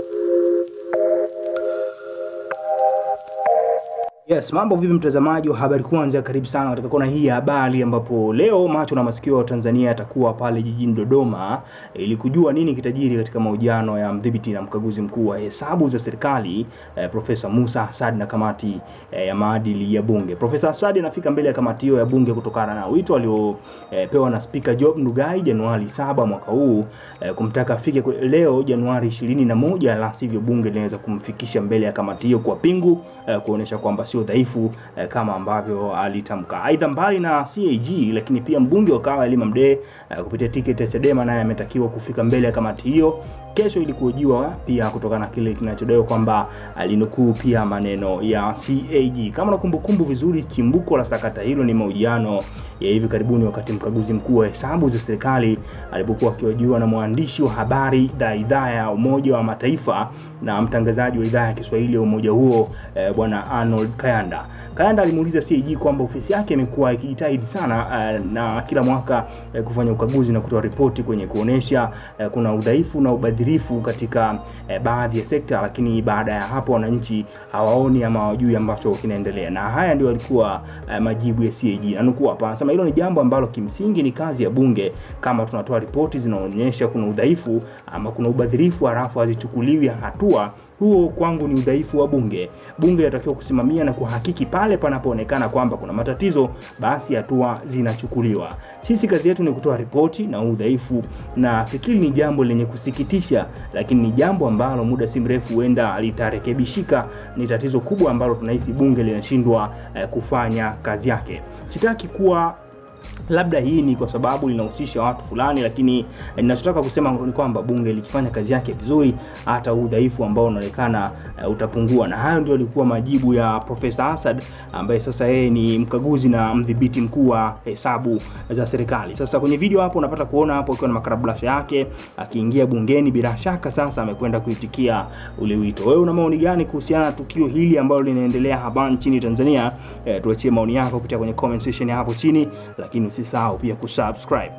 you Yes, mambo vipi mtazamaji wa Habari Kwanza, karibu sana katika kona hii ya habari, ambapo leo macho na masikio ya Tanzania yatakuwa pale jijini Dodoma ili kujua nini kitajiri katika mahojiano ya mdhibiti na mkaguzi mkuu wa hesabu za serikali eh, Profesa Musa Asad na kamati eh, ya maadili ya Bunge. Profesa Asad anafika mbele ya kamati hiyo ya Bunge kutokana na wito aliopewa eh, na Speaker Job Ndugai Januari 7 mwaka huu eh, kumtaka afike leo Januari 21, la sivyo bunge linaweza kumfikisha mbele ya kamati hiyo kwa pingu eh, kuonesha kwamba sio sio dhaifu eh, kama ambavyo alitamka. Aidha, mbali na CAG, lakini pia mbunge wa Kawa Halima Mdee eh, kupitia tiketi ya Chadema naye ametakiwa kufika mbele ya kamati hiyo kesho ili kuhojiwa pia kutokana na kile kinachodaiwa kwamba alinukuu pia maneno ya CAG. Kama nakumbukumbu vizuri, chimbuko la sakata hilo ni mahojiano ya hivi karibuni wakati mkaguzi mkuu wa hesabu za serikali alipokuwa akihojiwa na mwandishi wa habari da idhaa ya Umoja wa Mataifa na mtangazaji wa idhaa ya Kiswahili ya umoja huo eh, bwana Arnold Kayanda. Kayanda alimuuliza CAG kwamba ofisi yake imekuwa ikijitahidi sana eh, na kila mwaka eh, kufanya ukaguzi na kutoa ripoti kwenye kuonesha eh, kuna udhaifu na ubadhi ubadhirifu katika e, baadhi ya sekta, lakini baada ya hapo wananchi hawaoni ama hawajui ambacho kinaendelea, na haya ndio yalikuwa e, majibu ya CAG. Nanukuu hapa, anasema hilo ni jambo ambalo kimsingi ni kazi ya Bunge. Kama tunatoa ripoti zinaonyesha kuna udhaifu ama kuna ubadhirifu, halafu hazichukuliwi hatua huo kwangu ni udhaifu wa bunge. Bunge linatakiwa kusimamia na kuhakiki pale panapoonekana kwamba kuna matatizo, basi hatua zinachukuliwa. Sisi kazi yetu ni kutoa ripoti na udhaifu, na fikiri ni jambo lenye kusikitisha, lakini ni jambo ambalo muda si mrefu huenda litarekebishika. Ni tatizo kubwa ambalo tunahisi bunge linashindwa eh, kufanya kazi yake. Sitaki kuwa labda hii ni kwa sababu linahusisha watu fulani, lakini eh, ninachotaka kusema ni kwamba bunge likifanya kazi yake vizuri, hata udhaifu ambao unaonekana uh, utapungua. Na hayo ndio alikuwa majibu ya Profesa Asad ambaye sasa yeye ni mkaguzi na mdhibiti mkuu wa hesabu za serikali. Sasa kwenye video hapo unapata kuona hapo akiwa na makarabrasha yake akiingia bungeni, bila shaka sasa amekwenda kuitikia ule wito. Wewe una maoni gani kuhusiana na tukio hili ambalo linaendelea hapa nchini Tanzania? Eh, tuachie maoni yako kupitia kwenye comment section hapo chini, lakini usisahau pia kusubscribe.